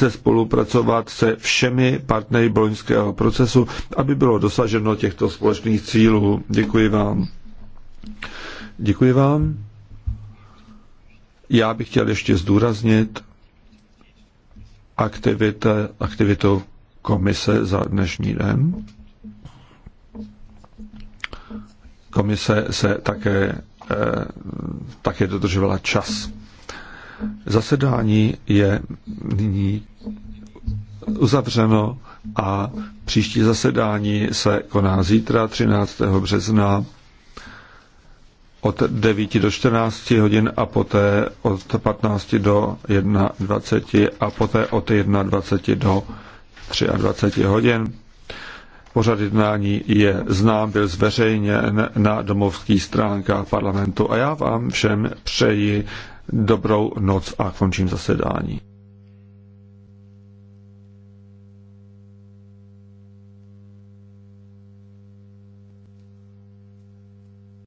se spolupracovat se všemi partnery boloňského procesu, aby bylo dosaženo těchto společných cílů. Děkuji vám. Děkuji vám. Já bych chtěl ještě zdůraznit aktivita, aktivitu komise za dnešní den. Komise se také, eh, také dodržovala čas. Zasedání je nyní uzavřeno a příští zasedání se koná zítra 13. března od 9 do 14 hodin a poté od 15 do 21 a poté od 21 do 23 hodin. Pořad jednání je znám, byl zveřejněn na domovských stránkách parlamentu a já vám všem přeji dobrou noc a končím zasedání.